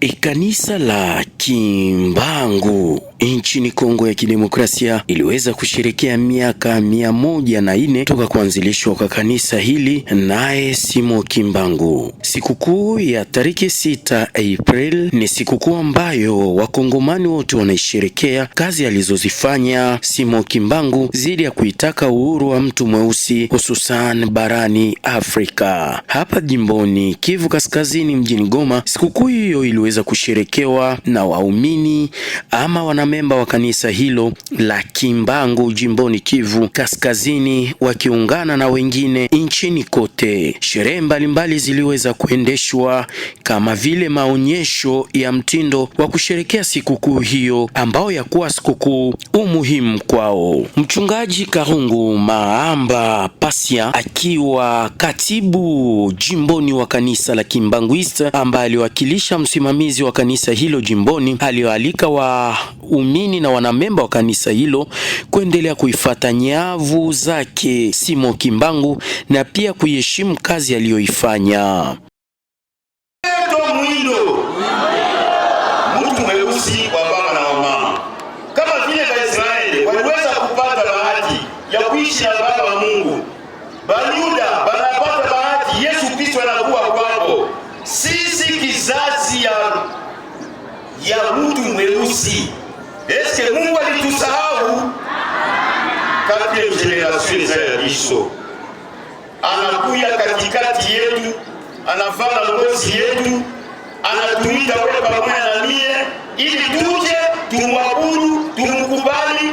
Ikanisa e la Kimbangu nchini Kongo ya Kidemokrasia iliweza kusherekea miaka mia moja na nne toka kuanzilishwa kwa kanisa hili, naye Simo Kimbangu. Sikukuu ya tariki sita April ni sikukuu ambayo wakongomani wote wanaisherekea kazi alizozifanya Simo Kimbangu zidi ya kuitaka uhuru wa mtu mweusi hususan barani Afrika. Hapa jimboni Kivu Kaskazini mjini Goma, sikukuu hiyo iliweza kusherekewa na waumini ama wana wanamemba wa kanisa hilo la Kimbangu jimboni Kivu Kaskazini wakiungana na wengine nchini kote. Sherehe mbalimbali ziliweza kuendeshwa kama vile maonyesho ya mtindo wa kusherekea sikukuu hiyo ambayo yakuwa sikukuu umuhimu kwao. Mchungaji Karungu Maamba Pasia akiwa katibu jimboni wa kanisa la Kimbangu East ambaye aliwakilisha msimamizi wa kanisa hilo jimboni aliyoalika wa waumini na wanamemba wa kanisa hilo kuendelea kuifata nyavu zake Simon Kimbangu na pia kuiheshimu kazi aliyoifanya. Mtu mweusi wa na wamama, kama waliweza kupata bahati ya kuishi baba Mungu, Bayuda bahati, Yesu anakuwa ya mweusi Eske Mungu alitusahau? Quatrième generation za ya biso, anakuya katikati yetu, anavala ngozi yetu, anatuita wewe pamoja na mie, ili tuje tumwabudu, tumkubali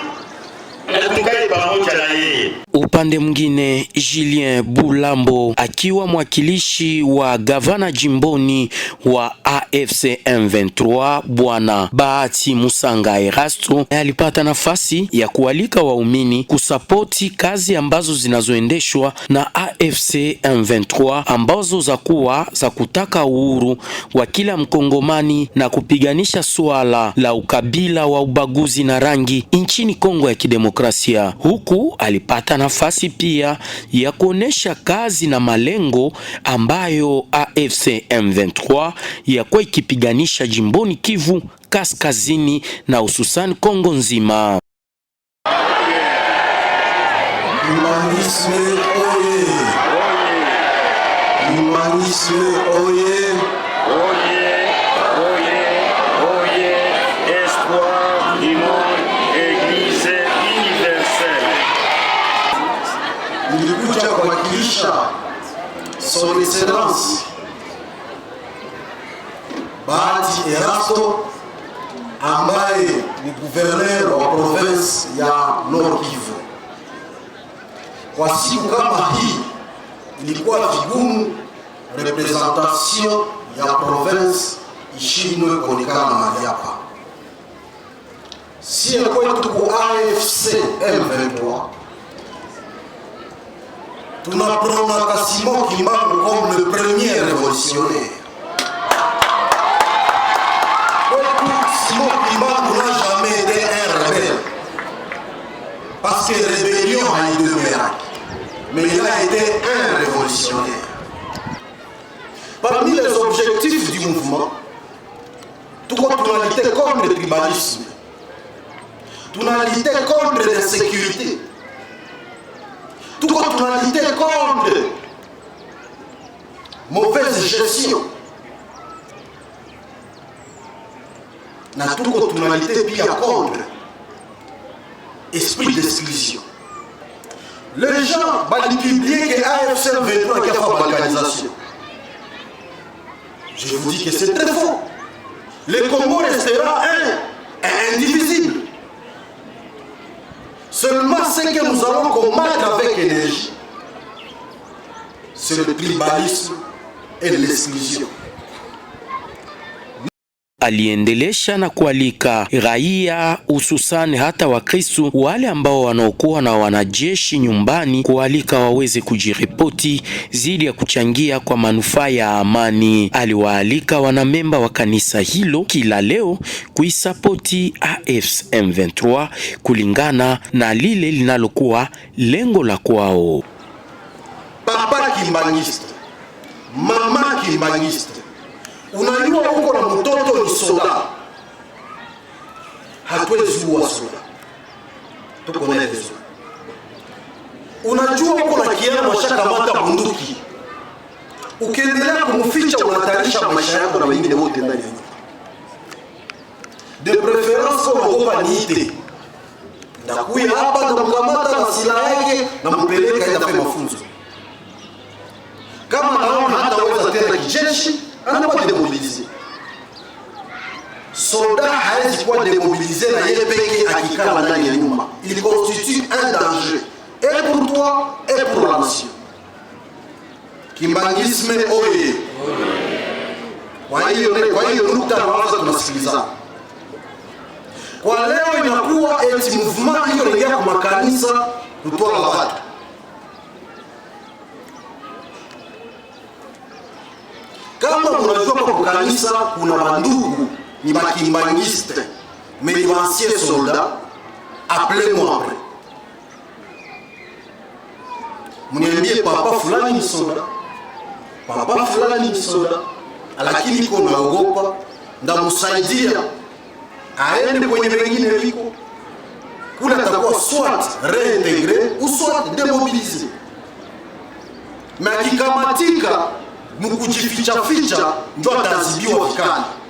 Upande mwingine Julien Bulambo akiwa mwakilishi wa gavana jimboni wa AFC M23 bwana Bahati Musanga Erasto alipata nafasi ya kualika waumini kusapoti kazi ambazo zinazoendeshwa na AFC M23 ambazo za kuwa za kutaka uhuru wa kila mkongomani na kupiganisha suala la ukabila wa ubaguzi na rangi nchini Kongo ya Kidemokrasia demokrasia, huku alipata nafasi pia ya kuonesha kazi na malengo ambayo AFC M23 yakuwa ikipiganisha jimboni Kivu Kaskazini na hususan Kongo nzima. Imanisme oye. Imanisme oye. kuwakilisha Son Excellence Bahati Erasto ambaye ni gouverneur wa province ya Nord Kivu. Kwa siku kama hii ilikuwa vigumu representation ya province ishindwe kuonekana mahali hapa. Sie kwetu ku AFC M23 prononcé Simon Kimbangu comme le premier révolutionnaire. Simon Kliman n'a jamais été un rebelle. Parce que rébellion a eu deux Mais il a été un révolutionnaire. Parmi les objectifs du mouvement, tout tu a lutté contre le tribalisme. Tu a lutté contre sécurité tonalité contre mauvaise gestion na tout tunalite pia contre esprit d'exclusion les gens que que AFC a la balkanisation je vous dis que c'est très faux le Congo restera un indivisible Seulement ce que nous allons combattre avec énergie, c'est le tribalisme et l'exclusion. aliendelesha na kualika raia hususani hata Wakristu wale ambao wanaokuwa na wanajeshi nyumbani kualika waweze kujiripoti zidi ya kuchangia kwa manufaa ya amani. Aliwaalika wanamemba wa kanisa hilo kila leo kuisapoti AFC M23 kulingana na lile linalokuwa lengo la kwao. Papa Kimbangista, mama Kimbanyisti, unajua soda, hatuwezi kuua soda, tuko naye vizuri. Unajua uko na kiama, washakamata bunduki, ukiendelea kumficha unahatarisha maisha yako na wengine wote ndani ya nyumba. De preference unaogopa niite, ndakuya hapa, ndamkamata na silaha yake na mpeleka, itape mafunzo kama naona hataweza tena kijeshi, anakuwa demobilize soldat hawezi kuwa demobilise na yeye peke akikala ndani ya nyumba, il constitue un danger et pour toi et pour la nation. Kimbangisme oye! Kwa hiyo nukta nawaza tunasikilizana kwa leo, inakuwa eti movement hiyo inaingia kwa makanisa kutwala watu kama unajua kwa kanisa kuna ni bakimbanguiste, mais les anciens soldats, appelez-moi après. Mniambie papa fulani ni soda, papa fulani ni soda, lakini niko naogopa, ndamsaidia aende kwenye vingine viko kule, atakuwa swat reintegre ou swat Mais akikamatika mkujifichaficha, ndio atazibiwa vikali.